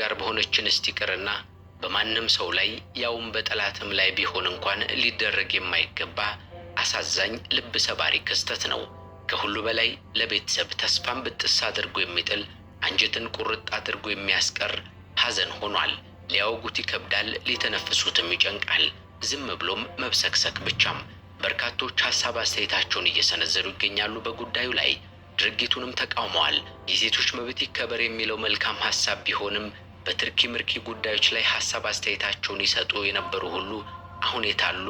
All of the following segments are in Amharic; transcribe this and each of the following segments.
አጋር በሆነች እንስት ይቅርና በማንም ሰው ላይ ያውም በጠላትም ላይ ቢሆን እንኳን ሊደረግ የማይገባ አሳዛኝ ልብ ሰባሪ ክስተት ነው። ከሁሉ በላይ ለቤተሰብ ተስፋን ብጥስ አድርጎ የሚጥል አንጀትን ቁርጥ አድርጎ የሚያስቀር ሐዘን ሆኗል። ሊያወጉት ይከብዳል፣ ሊተነፍሱትም ይጨንቃል። ዝም ብሎም መብሰክሰክ ብቻም። በርካቶች ሀሳብ አስተያየታቸውን እየሰነዘሩ ይገኛሉ በጉዳዩ ላይ ድርጊቱንም ተቃውመዋል። የሴቶች መብት ይከበር የሚለው መልካም ሀሳብ ቢሆንም በትርኪ ምርኪ ጉዳዮች ላይ ሀሳብ አስተያየታቸውን ይሰጡ የነበሩ ሁሉ አሁን የታሉ?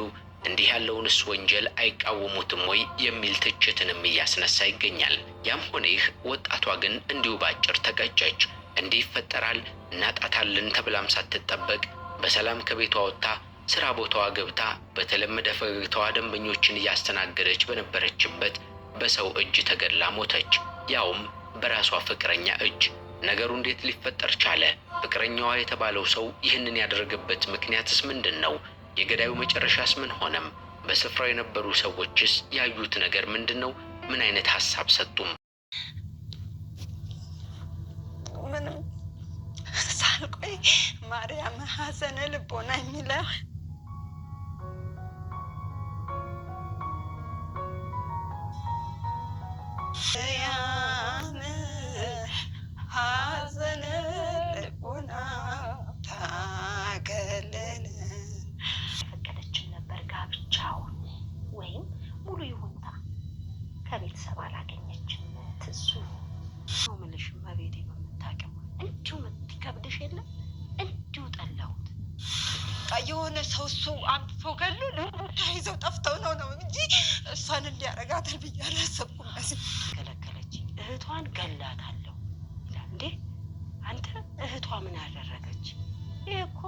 እንዲህ ያለውንስ ወንጀል አይቃወሙትም ወይ የሚል ትችትንም እያስነሳ ይገኛል። ያም ሆነ ይህ ወጣቷ ግን እንዲሁ በአጭር ተቀጨች። እንዲህ ይፈጠራል እናጣታለን ተብላም ሳትጠበቅ በሰላም ከቤቷ ወጥታ ስራ ቦታዋ ገብታ በተለመደ ፈገግታዋ ደንበኞችን እያስተናገደች በነበረችበት በሰው እጅ ተገድላ ሞተች፣ ያውም በራሷ ፍቅረኛ እጅ። ነገሩ እንዴት ሊፈጠር ቻለ? ፍቅረኛዋ የተባለው ሰው ይህንን ያደረገበት ምክንያትስ ምንድን ነው? የገዳዩ መጨረሻስ ምን ሆነም? በስፍራው የነበሩ ሰዎችስ ያዩት ነገር ምንድን ነው? ምን አይነት ሀሳብ ሰጡም? ምንም ሳልቆይ ማርያም ሀዘነ ልቦና የሚለው በቃ የሆነ ሰው እሱ አምጥቶ ገሉ ተይዘው ጠፍተው ነው ነው እንጂ እሷን እንዲያረጋታል ብዬ አላሰብኩም። ዚ ከለከለች። እህቷን ገላታለሁ ይላል። እንዴ አንተ እህቷ ምን አደረገች? ይህ እኮ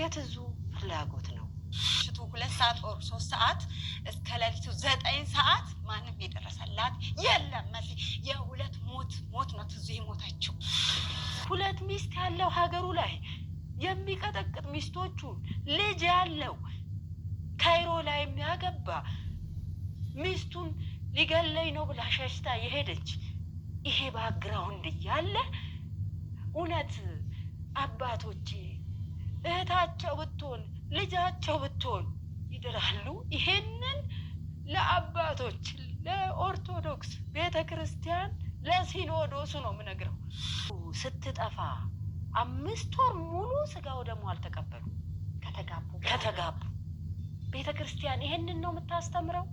የትዙ ፍላጎት ነው። ሽቱ ሁለት ሰዓት ወሩ ሶስት ሰዓት እስከ ሌሊቱ ዘጠኝ ሰዓት ማንም የደረሰላት የለም። መሲ የሁለት ሞት ሞት ነው ትዙ የሞታችው። ሁለት ሚስት ያለው ሀገሩ ላይ የሚቀጠቅጥ ሚስቶቹን ልጅ ያለው ካይሮ ላይ የሚያገባ ሚስቱን ሊገለኝ ነው ብላ ሸሽታ የሄደች ይሄ ባግራውንድ እያለ እውነት አባቶቼ እህታቸው ብትሆን ልጃቸው ብትሆን ይድራሉ? ይሄንን ለአባቶች ለኦርቶዶክስ ቤተ ክርስቲያን ለሲኖዶሱ ነው የምነግረው። ስትጠፋ አምስት ወር ሙሉ ስጋው ደግሞ አልተቀበሉ ከተጋቡ ከተጋቡ ቤተ ክርስቲያን ይሄንን ነው የምታስተምረው።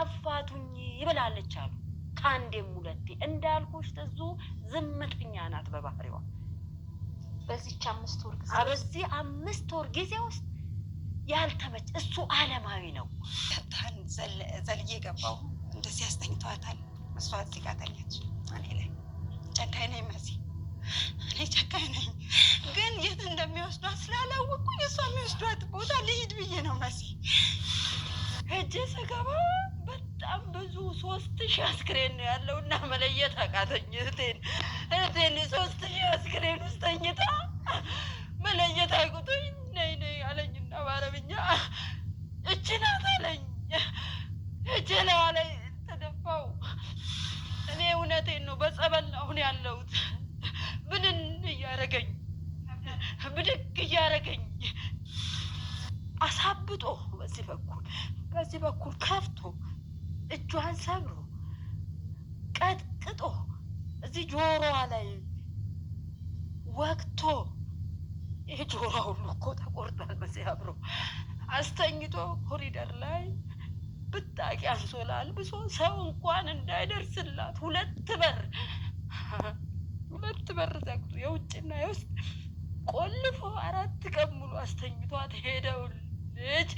አፋቱኝ ይብላለች አሉ። ከአንዴም ሁለቴ እንዳልኩሽ ተዙ ዝምተኛ ናት በባህሪዋ። በዚች አምስት ወር ጊዜ በዚህ አምስት ወር ጊዜ ውስጥ ያልተመች እሱ አለማዊ ነው። ታን ዘልዬ ገባው እንደዚህ ያስተኝተዋታል። እሷ እዚህ ጋር ተኛች። እኔ ላይ ጨካኝ ነኝ መሲ እኔ ጨካኝ ነኝ፣ ግን የት እንደሚወስዷት ስላላወቅኩኝ እሷ የሚወስዷት ቦታ ልሂድ ብዬ ነው መሲ ሄጄ ስገባ በጣም ብዙ ሶስት ሺህ አስክሬን ነው ያለው እና መለየት አቃተኝ። እህቴን እህቴን ሶስት ሺህ አስክሬን ውስጥ ተኝታ መለየት አቁቶኝ ነይ ነይ አለኝና በአረብኛ እቺ ናት አለኝ። እጄ ላይ ተደፋው። እኔ እውነቴን ነው በጸበል አሁን ያለሁት ምንን እያረገኝ ብድግ እያረገኝ አሳብጦ በዚህ በኩል በዚህ በኩል ከፍቶ እጇን ሰብሮ ቀጥቅጦ እዚህ ጆሮዋ ላይ ወቅቶ ይሄ ጆሮ ሁሉ እኮ ተቆርጧል። በዚህ አብሮ አስተኝቶ ኮሪደር ላይ ብጣቂ አንሶላ አልብሶ ሰው እንኳን እንዳይደርስላት ሁለት በር ሁለት በር ዘግቶ የውጭና የውስጥ ቆልፎ አራት ቀን ሙሉ አስተኝቷት ሄደው ልጅ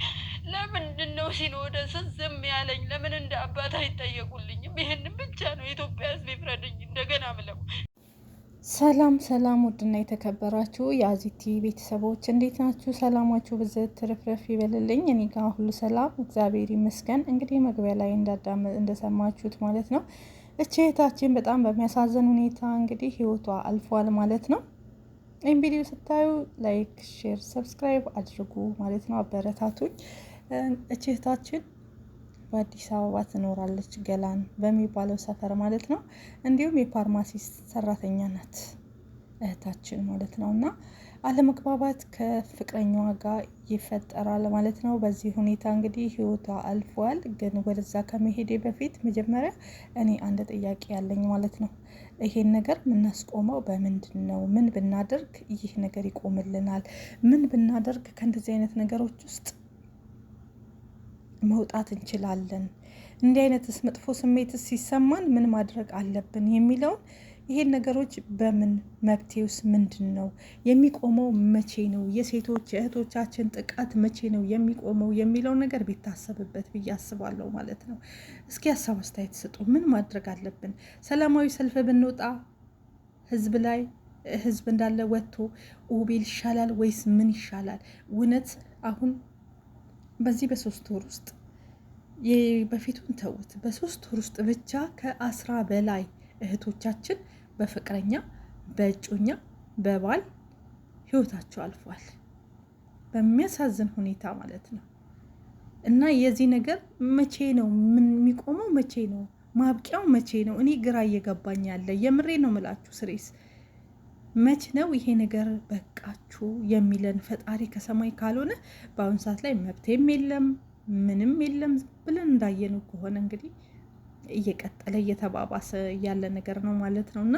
ለምንድን ነው ሲኖደስ ዝም ያለኝ? ለምን እንደ አባት አይጠየቁልኝም? ይህን ብቻ ነው የኢትዮጵያ ሕዝብ ይፍረድኝ እንደገና ምለው ሰላም ሰላም፣ ውድና የተከበራችሁ የአዚቲ ቤተሰቦች እንዴት ናችሁ? ሰላማችሁ ብዝት ትርፍረፍ ይበልልኝ። እኔ ጋር ሁሉ ሰላም፣ እግዚአብሔር ይመስገን። እንግዲህ መግቢያ ላይ እንዳዳመ እንደሰማችሁት ማለት ነው እህታችን በጣም በሚያሳዝን ሁኔታ እንግዲህ ህይወቷ አልፏል ማለት ነው። ይህም ቪዲዮ ስታዩ ላይክ፣ ሼር፣ ሰብስክራይብ አድርጉ ማለት ነው። አበረታቱኝ። እህታችን በአዲስ አበባ ትኖራለች፣ ገላን በሚባለው ሰፈር ማለት ነው። እንዲሁም የፋርማሲስት ሰራተኛ ናት እህታችን ማለት ነው እና አለመግባባት ከፍቅረኛዋ ጋር ይፈጠራል ማለት ነው። በዚህ ሁኔታ እንግዲህ ህይወቷ አልፏል። ግን ወደዛ ከመሄዴ በፊት መጀመሪያ እኔ አንድ ጥያቄ ያለኝ ማለት ነው፣ ይሄን ነገር የምናስቆመው በምንድን ነው? ምን ብናደርግ ይህ ነገር ይቆምልናል? ምን ብናደርግ ከእንደዚህ አይነት ነገሮች ውስጥ መውጣት እንችላለን? እንዲህ አይነትስ መጥፎ ስሜትስ ሲሰማን ምን ማድረግ አለብን የሚለውን ይሄን ነገሮች በምን መብቴውስ ምንድን ነው የሚቆመው? መቼ ነው የሴቶች የእህቶቻችን ጥቃት መቼ ነው የሚቆመው የሚለው ነገር ቢታሰብበት ብዬ አስባለሁ ማለት ነው። እስኪ ሀሳብ አስተያየት ስጡ። ምን ማድረግ አለብን? ሰላማዊ ሰልፍ ብንወጣ ህዝብ ላይ ህዝብ እንዳለ ወጥቶ ኦቤል ይሻላል ወይስ ምን ይሻላል? እውነት አሁን በዚህ በሶስት ወር ውስጥ በፊቱን ተውት። በሶስት ወር ውስጥ ብቻ ከአስራ በላይ እህቶቻችን በፍቅረኛ በእጮኛ በባል ህይወታቸው አልፏል። በሚያሳዝን ሁኔታ ማለት ነው። እና የዚህ ነገር መቼ ነው የሚቆመው? መቼ ነው ማብቂያው? መቼ ነው? እኔ ግራ እየገባኝ ያለ የምሬ ነው ምላችሁ ስሬስ መች ነው ይሄ ነገር በቃችሁ የሚለን ፈጣሪ ከሰማይ ካልሆነ በአሁኑ ሰዓት ላይ መብቴም የለም ምንም የለም ብለን እንዳየነው ከሆነ እንግዲህ እየቀጠለ እየተባባሰ ያለ ነገር ነው ማለት ነው። እና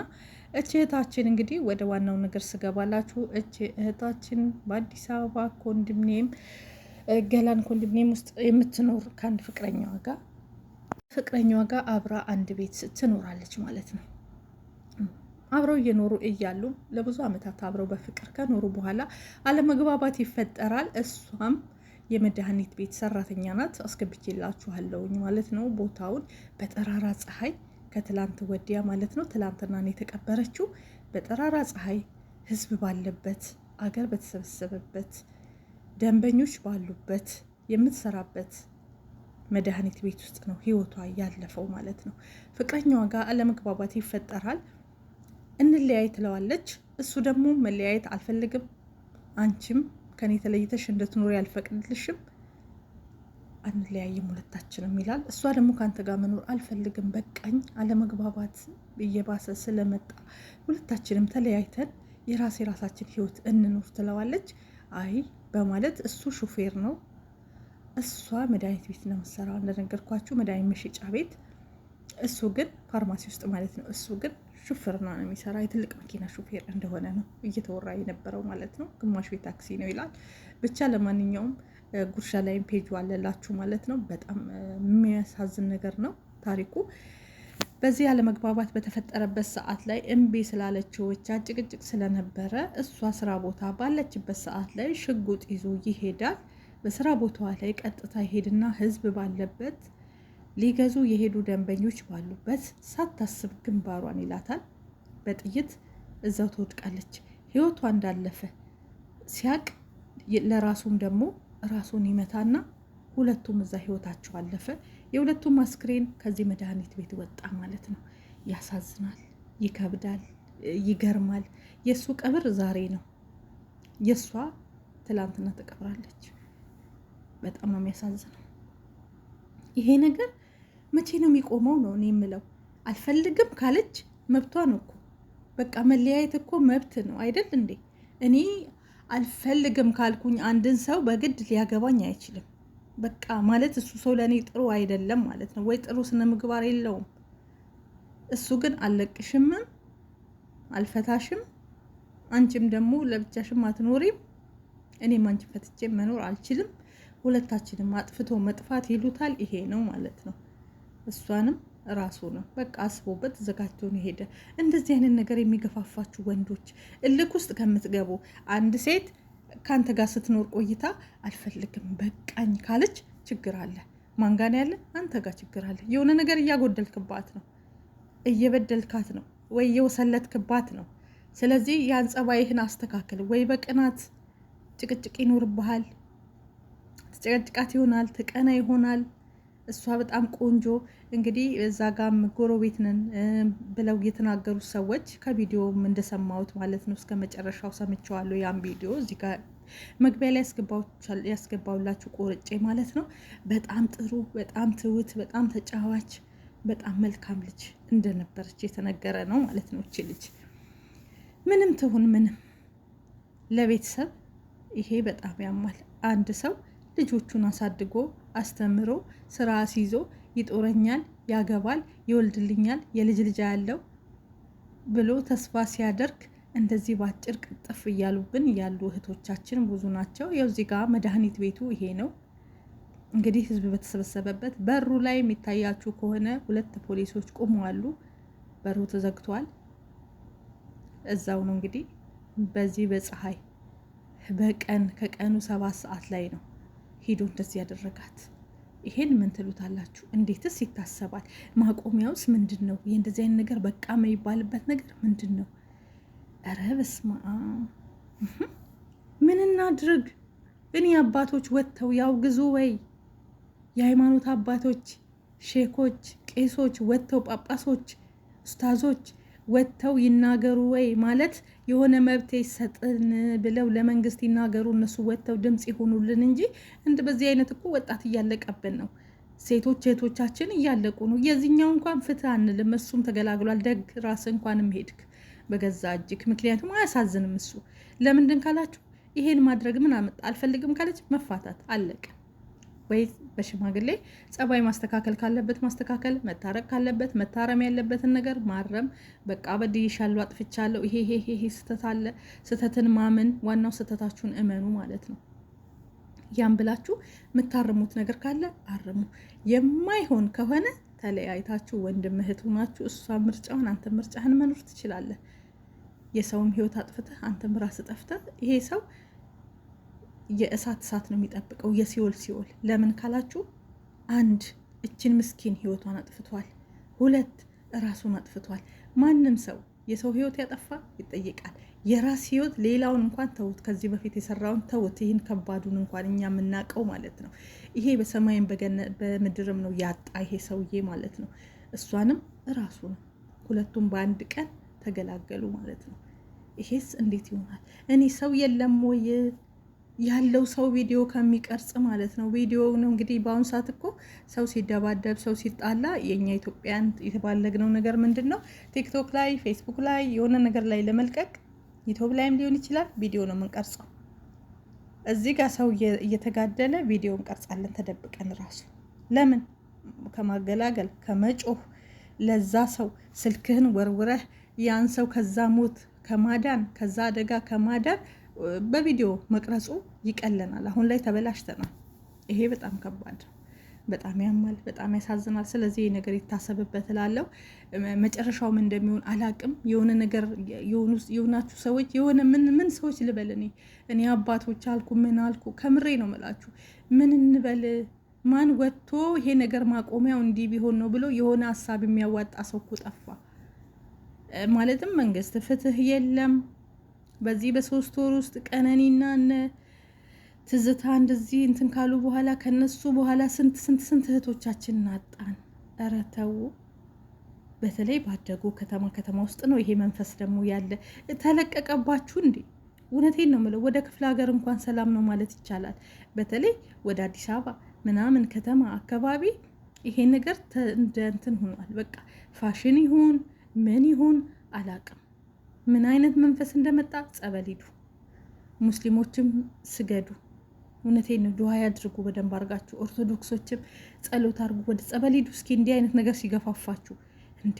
እች እህታችን እንግዲህ ወደ ዋናው ነገር ስገባላችሁ እች እህታችን በአዲስ አበባ ኮንዶሚኒየም ገላን ኮንዶሚኒየም ውስጥ የምትኖር ከአንድ ፍቅረኛዋ ጋር ፍቅረኛዋ ጋር አብራ አንድ ቤት ትኖራለች ማለት ነው። አብረው እየኖሩ እያሉ ለብዙ ዓመታት አብረው በፍቅር ከኖሩ በኋላ አለመግባባት ይፈጠራል። እሷም የመድኃኒት ቤት ሰራተኛ ናት። አስገብቼላችኋለሁኝ ማለት ነው። ቦታውን በጠራራ ፀሐይ ከትላንት ወዲያ ማለት ነው ትላንትና ነው የተቀበረችው። በጠራራ ፀሐይ ህዝብ ባለበት አገር በተሰበሰበበት ደንበኞች ባሉበት የምትሰራበት መድኃኒት ቤት ውስጥ ነው ህይወቷ ያለፈው ማለት ነው። ፍቅረኛዋ ጋር አለመግባባት ይፈጠራል። እንለያይ ትለዋለች። እሱ ደግሞ መለያየት አልፈልግም አንቺም ከኔ ተለይተሽ እንድትኖሪ አልፈቅድልሽም፣ አንለያይም ሁለታችንም ይላል። እሷ ደግሞ ከአንተ ጋር መኖር አልፈልግም፣ በቃኝ፣ አለመግባባት እየባሰ ስለመጣ ሁለታችንም ተለያይተን የራሴ የራሳችን ህይወት እንኖር ትለዋለች። አይ በማለት እሱ ሹፌር ነው፣ እሷ መድኃኒት ቤት ነው የምትሰራው እንደነገርኳችሁ መድኃኒት መሸጫ ቤት እሱ ግን ፋርማሲ ውስጥ ማለት ነው። እሱ ግን ሹፍር ነው የሚሰራ የትልቅ መኪና ሹፌር እንደሆነ ነው እየተወራ የነበረው ማለት ነው። ግማሹ የታክሲ ነው ይላል። ብቻ ለማንኛውም ጉርሻ ላይም ፔጁ አለላችሁ ማለት ነው። በጣም የሚያሳዝን ነገር ነው ታሪኩ። በዚህ ያለመግባባት በተፈጠረበት ሰዓት ላይ እምቢ ስላለችው ብቻ ጭቅጭቅ ስለነበረ እሷ ስራ ቦታ ባለችበት ሰዓት ላይ ሽጉጥ ይዞ ይሄዳል። በስራ ቦታዋ ላይ ቀጥታ ይሄድና ህዝብ ባለበት ሊገዙ የሄዱ ደንበኞች ባሉበት ሳታስብ ግንባሯን ይላታል። በጥይት እዛው ትወድቃለች። ህይወቷ እንዳለፈ ሲያቅ ለራሱም ደግሞ ራሱን ይመታና ሁለቱም እዛ ህይወታቸው አለፈ። የሁለቱም አስክሬን ከዚህ መድኃኒት ቤት ወጣ ማለት ነው። ያሳዝናል፣ ይከብዳል፣ ይገርማል። የእሱ ቀብር ዛሬ ነው፣ የእሷ ትላንትና ተቀብራለች። በጣም ነው የሚያሳዝነው ይሄ ነገር መቼ ነው የሚቆመው? ነው እኔ የምለው። አልፈልግም ካለች መብቷ ነው እኮ በቃ መለያየት እኮ መብት ነው አይደል እንዴ? እኔ አልፈልግም ካልኩኝ አንድን ሰው በግድ ሊያገባኝ አይችልም። በቃ ማለት እሱ ሰው ለእኔ ጥሩ አይደለም ማለት ነው ወይ ጥሩ ስነ ምግባር የለውም። እሱ ግን አልለቅሽምም፣ አልፈታሽም፣ አንቺም ደግሞ ለብቻሽም አትኖሪም፣ እኔም አንቺ ፈትቼ መኖር አልችልም። ሁለታችንም አጥፍቶ መጥፋት ይሉታል። ይሄ ነው ማለት ነው። እሷንም ራሱ ነው በቃ አስቦበት ዘጋቸውን የሄደ እንደዚህ አይነት ነገር የሚገፋፋችሁ ወንዶች እልክ ውስጥ ከምትገቡ አንድ ሴት ከአንተ ጋር ስትኖር ቆይታ አልፈልግም በቃኝ ካለች ችግር አለ። ማንጋን ያለ አንተ ጋር ችግር አለ። የሆነ ነገር እያጎደልክባት ነው፣ እየበደልካት ነው፣ ወይ እየወሰለትክባት ነው። ስለዚህ ያን ጸባይህን አስተካክል። ወይ በቅናት ጭቅጭቅ ይኖርብሃል፣ ትጨቀጭቃት ይሆናል፣ ትቀና ይሆናል እሷ በጣም ቆንጆ እንግዲህ እዛ ጋም ጎረቤት ነን ብለው የተናገሩት ሰዎች ከቪዲዮም እንደሰማሁት ማለት ነው። እስከ መጨረሻው ሰምቼዋለሁ ያን ቪዲዮ እዚህ ጋር መግቢያ ላይ ያስገባውላችሁ ቆርጬ ማለት ነው። በጣም ጥሩ፣ በጣም ትውት፣ በጣም ተጫዋች፣ በጣም መልካም ልጅ እንደነበረች የተነገረ ነው ማለት ነው። እቺ ልጅ ምንም ትሁን ምንም ለቤተሰብ ይሄ በጣም ያማል። አንድ ሰው ልጆቹን አሳድጎ አስተምሮ ስራ አስይዞ ይጦረኛል፣ ያገባል፣ ይወልድልኛል፣ የልጅ ልጅ ያለው ብሎ ተስፋ ሲያደርግ እንደዚህ በአጭር ቅጥፍ እያሉብን ያሉ እህቶቻችን ብዙ ናቸው። ያው እዚህ ጋ መድኃኒት ቤቱ ይሄ ነው እንግዲህ ህዝብ በተሰበሰበበት በሩ ላይ የሚታያችሁ ከሆነ ሁለት ፖሊሶች ቁመዋሉ። በሩ ተዘግቷል። እዛው ነው እንግዲህ በዚህ በፀሐይ በቀን ከቀኑ ሰባት ሰዓት ላይ ነው ሄዶ እንደዚህ ያደረጋት ይሄን ምን ትሉታላችሁ? እንዴትስ ይታሰባል? ማቆሚያውስ ምንድን ነው? የእንደዚህ አይነት ነገር በቃ የሚባልበት ነገር ምንድን ነው? ኧረ በስመ አብ ምን እናድርግ? እኔ አባቶች ወጥተው ያውግዙ ወይ የሃይማኖት አባቶች ሼኮች፣ ቄሶች ወጥተው ጳጳሶች፣ ኡስታዞች ወጥተው ይናገሩ ወይ ማለት የሆነ መብት ይሰጥን ብለው ለመንግስት ይናገሩ፣ እነሱ ወጥተው ድምፅ ይሆኑልን እንጂ እንደ በዚህ አይነት እኮ ወጣት እያለቀብን ነው። ሴቶች እህቶቻችን እያለቁ ነው። የዚህኛው እንኳን ፍትህ አንልም፣ እሱም ተገላግሏል። ደግ ራስ እንኳንም ሄድክ በገዛ እጅክ። ምክንያቱም አያሳዝንም እሱ ለምንድን ካላችሁ ይሄን ማድረግ ምን አመጣ አልፈልግም ካለች መፋታት አለቀ። ወይ በሽማግሌ ጸባይ ማስተካከል ካለበት ማስተካከል፣ መታረቅ ካለበት መታረም ያለበትን ነገር ማረም። በቃ በድዬሻለሁ፣ አጥፍቻለሁ፣ ይሄ ይሄ ይሄ ስህተት አለ። ስህተትን ማመን ዋናው ስህተታችሁን እመኑ ማለት ነው። ያን ብላችሁ የምታርሙት ነገር ካለ አርሙ። የማይሆን ከሆነ ተለያይታችሁ ወንድም እህት ሆናችሁ እሷ ምርጫውን አንተ ምርጫህን መኖር ትችላለህ። የሰውም ህይወት አጥፍተህ አንተም ራስህ ጠፍተህ ይሄ ሰው የእሳት እሳት ነው የሚጠብቀው፣ የሲኦል ሲኦል። ለምን ካላችሁ አንድ እችን ምስኪን ህይወቷን አጥፍቷል፣ ሁለት ራሱን አጥፍቷል። ማንም ሰው የሰው ህይወት ያጠፋ ይጠይቃል። የራስ ህይወት ሌላውን እንኳን ተውት፣ ከዚህ በፊት የሰራውን ተውት፣ ይህን ከባዱን እንኳን እኛ የምናውቀው ማለት ነው። ይሄ በሰማይም በምድርም ነው ያጣ ይሄ ሰውዬ ማለት ነው። እሷንም ነው ሁለቱም በአንድ ቀን ተገላገሉ ማለት ነው። ይሄስ እንዴት ይሆናል? እኔ ሰው የለም ወይ ያለው ሰው ቪዲዮ ከሚቀርጽ ማለት ነው። ቪዲዮ ነው እንግዲህ በአሁኑ ሰዓት እኮ ሰው ሲደባደብ፣ ሰው ሲጣላ የእኛ ኢትዮጵያን የተባለግነው ነገር ምንድን ነው? ቲክቶክ ላይ፣ ፌስቡክ ላይ የሆነ ነገር ላይ ለመልቀቅ ዩቱብ ላይም ሊሆን ይችላል ቪዲዮ ነው የምንቀርጸው። እዚህ ጋር ሰው እየተጋደለ ቪዲዮ እንቀርጻለን ተደብቀን ራሱ ለምን ከማገላገል ከመጮህ ለዛ ሰው ስልክህን ወርውረህ ያን ሰው ከዛ ሞት ከማዳን ከዛ አደጋ ከማዳን በቪዲዮ መቅረጹ ይቀለናል። አሁን ላይ ተበላሽተናል። ይሄ በጣም ከባድ በጣም ያማል፣ በጣም ያሳዝናል። ስለዚህ ይህ ነገር ይታሰብበት እላለሁ። መጨረሻውም እንደሚሆን አላቅም። የሆነ ነገር የሆናችሁ ሰዎች የሆነ ምን ምን ሰዎች ልበል እኔ እኔ አባቶች አልኩ ምን አልኩ ከምሬ ነው ምላችሁ። ምን እንበል ማን ወጥቶ ይሄ ነገር ማቆሚያው እንዲህ ቢሆን ነው ብሎ የሆነ ሀሳብ የሚያዋጣ ሰው እኮ ጠፋ። ማለትም መንግስት ፍትህ የለም በዚህ በሶስት ወር ውስጥ ቀነኒና እነ ትዝታ እንደዚህ እንትን ካሉ በኋላ ከነሱ በኋላ ስንት ስንት ስንት እህቶቻችን ናጣን። እረ ተው። በተለይ ባደጉ ከተማ ከተማ ውስጥ ነው ይሄ መንፈስ ደግሞ ያለ። ተለቀቀባችሁ እንዴ? እውነቴን ነው ምለው። ወደ ክፍለ ሀገር እንኳን ሰላም ነው ማለት ይቻላል። በተለይ ወደ አዲስ አበባ ምናምን ከተማ አካባቢ ይሄ ነገር እንደ እንትን ሆኗል። በቃ ፋሽን ይሁን ምን ይሁን አላቅም። ምን አይነት መንፈስ እንደመጣ ጸበል ሂዱ፣ ሙስሊሞችም ስገዱ። እውነቴን ዱሃ ያድርጉ በደንብ አድርጋችሁ። ኦርቶዶክሶችም ጸሎት አድርጉ፣ ወደ ጸበል ሂዱ። እስኪ እንዲህ አይነት ነገር ሲገፋፋችሁ እንዴ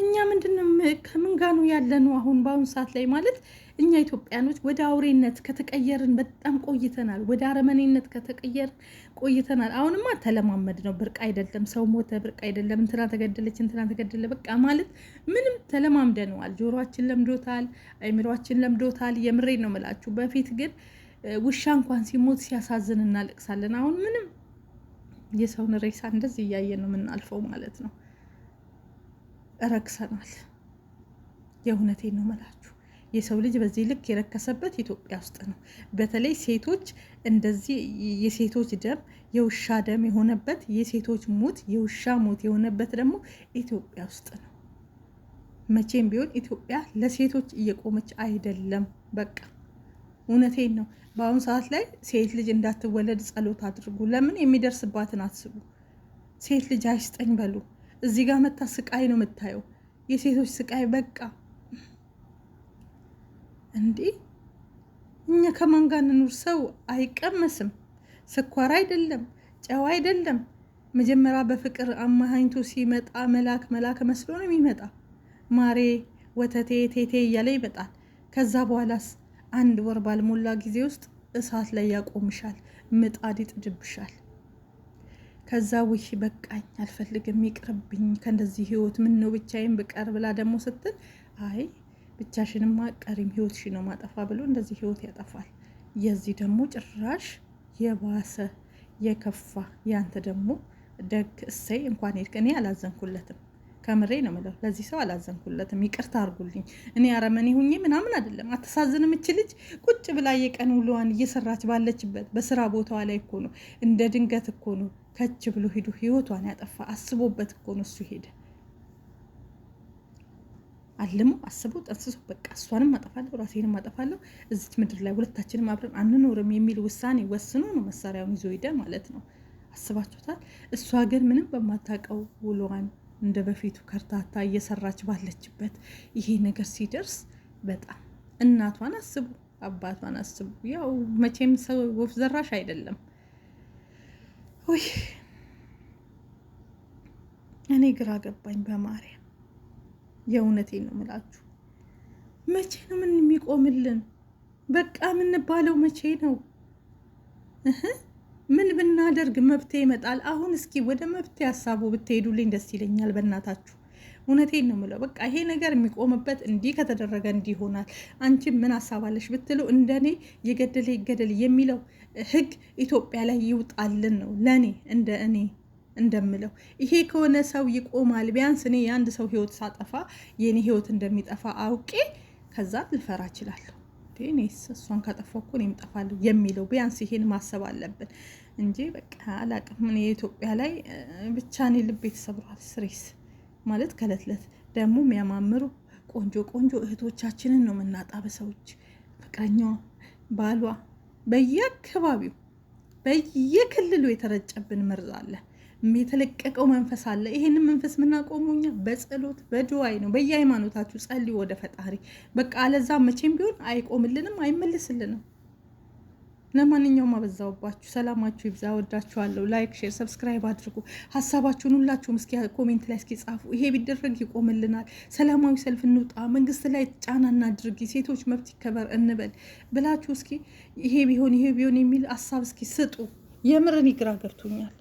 እኛ ምንድነው ከምን ጋር ነው ያለነው? አሁን በአሁኑ ሰዓት ላይ ማለት እኛ ኢትዮጵያኖች ወደ አውሬነት ከተቀየርን በጣም ቆይተናል። ወደ አረመኔነት ከተቀየርን ቆይተናል። አሁንማ ተለማመድ ነው። ብርቅ አይደለም ሰው ሞተ፣ ብርቅ አይደለም እንትና ተገደለች፣ እንትና ተገደለ፣ በቃ ማለት ምንም ተለማምደነዋል። ጆሮችን ለምዶታል፣ አይምሯችን ለምዶታል። የምሬ ነው የምላችሁ። በፊት ግን ውሻ እንኳን ሲሞት ሲያሳዝን እናለቅሳለን። አሁን ምንም የሰውን ሬሳ እንደዚህ እያየን ነው የምናልፈው ማለት ነው። ረክሰናል። የእውነቴን ነው መላችሁ። የሰው ልጅ በዚህ ልክ የረከሰበት ኢትዮጵያ ውስጥ ነው። በተለይ ሴቶች እንደዚህ የሴቶች ደም የውሻ ደም የሆነበት የሴቶች ሞት የውሻ ሞት የሆነበት ደግሞ ኢትዮጵያ ውስጥ ነው። መቼም ቢሆን ኢትዮጵያ ለሴቶች እየቆመች አይደለም። በቃ እውነቴን ነው። በአሁኑ ሰዓት ላይ ሴት ልጅ እንዳትወለድ ጸሎት አድርጉ። ለምን የሚደርስባትን አትስቡ። ሴት ልጅ አይስጠኝ በሉ። እዚህ ጋር መታ ስቃይ ነው የምታየው። የሴቶች ስቃይ በቃ እንዴ! እኛ ከማን ጋር እንኑር? ሰው አይቀመስም። ስኳር አይደለም፣ ጨው አይደለም። መጀመሪያ በፍቅር አማሃኝቶ ሲመጣ መላክ መላክ መስሎ ነው የሚመጣ። ማሬ ወተቴ ቴቴ እያለ ይመጣል። ከዛ በኋላስ አንድ ወር ባልሞላ ጊዜ ውስጥ እሳት ላይ ያቆምሻል፣ ምጣድ ይጥድብሻል። ከዛ ውሽ በቃኝ፣ አልፈልግም፣ ይቅርብኝ ከእንደዚህ ህይወት ምን ነው ብቻዬን ብቀር ብላ ደግሞ ስትል አይ ብቻሽንማ ቀሪም ህይወትሽ ነው ማጠፋ ብሎ እንደዚህ ህይወት ያጠፋል። የዚህ ደግሞ ጭራሽ የባሰ የከፋ ያንተ ደግሞ ደግ እሰይ እንኳን ሄድክ። እኔ አላዘንኩለትም፣ ከምሬ ነው ምለው ለዚህ ሰው አላዘንኩለትም። ይቅርታ አርጉልኝ እኔ አረመኔ ሁኜ ምናምን አይደለም። አተሳዝን ምች ልጅ ቁጭ ብላ የቀን ውለዋን እየሰራች ባለችበት በስራ ቦታዋ ላይ እኮ ነው እንደ ድንገት እኮ ነው ከች ብሎ ሄዱ። ህይወቷን ያጠፋ አስቦበት እኮ ነው እሱ ሄደ። አልሞ አስቦ ጠንስሶ በቃ እሷንም አጠፋለሁ ራሴንም አጠፋለሁ እዚች ምድር ላይ ሁለታችንም አብረን አንኖርም የሚል ውሳኔ ወስኖ ነው መሳሪያውን ይዞ ሄደ ማለት ነው። አስባችሁታል? እሷ ግን ምንም በማታውቀው ውሎዋን እንደ በፊቱ ከርታታ እየሰራች ባለችበት ይሄ ነገር ሲደርስ በጣም እናቷን አስቡ፣ አባቷን አስቡ። ያው መቼም ሰው ወፍ ዘራሽ አይደለም። ውይ እኔ ግራ ገባኝ በማርያም የእውነቴን ነው የምላችሁ። መቼ ነው ምን የሚቆምልን? በቃ የምንባለው መቼ ነው? ምን ብናደርግ መብቴ ይመጣል? አሁን እስኪ ወደ መብቴ ሀሳቡ ብትሄዱልኝ ደስ ይለኛል በእናታችሁ። እውነቴን ነው ምለው። በቃ ይሄ ነገር የሚቆምበት እንዲህ ከተደረገ እንዲህ ይሆናል። አንቺ ምን አሳባለሽ ብትሉ እንደኔ የገደለ ይገደል የሚለው ህግ ኢትዮጵያ ላይ ይውጣልን ነው ለእኔ እንደ እኔ እንደምለው ይሄ ከሆነ ሰው ይቆማል። ቢያንስ እኔ የአንድ ሰው ህይወት ሳጠፋ የኔ ህይወት እንደሚጠፋ አውቄ ከዛ ልፈራ እችላለሁ። እኔስ እሷን ካጠፋሁ እኮ እኔም እጠፋለሁ የሚለው ቢያንስ ይሄን ማሰብ አለብን እንጂ በቃ አላቅም። የኢትዮጵያ ላይ ብቻ እኔ ልቤ ተሰብሯል ስሬስ ማለት ከለትለት እለት ደግሞ የሚያማምሩ ቆንጆ ቆንጆ እህቶቻችንን ነው የምናጣ። በሰዎች ፍቅረኛዋ፣ ባሏ በየአካባቢው በየክልሉ የተረጨብን መርዝ አለ፣ የተለቀቀው መንፈስ አለ። ይሄንን መንፈስ የምናቆመው እኛ በጸሎት በድዋይ ነው። በየሃይማኖታችሁ ጸልዩ ወደ ፈጣሪ። በቃ አለዛ መቼም ቢሆን አይቆምልንም፣ አይመልስልንም። ለማንኛውም አበዛውባችሁ። ሰላማችሁ ይብዛ። ወዳችኋለሁ። ላይክ፣ ሼር፣ ሰብስክራይብ አድርጉ። ሀሳባችሁን ሁላችሁም እስኪ ኮሜንት ላይ እስኪ ጻፉ። ይሄ ቢደረግ ይቆምልናል። ሰላማዊ ሰልፍ እንውጣ፣ መንግስት ላይ ጫና እናድርግ፣ ሴቶች መብት ይከበር እንበል ብላችሁ እስኪ ይሄ ቢሆን ይሄ ቢሆን የሚል ሀሳብ እስኪ ስጡ። የምርን ይግራ ገብቶኛል።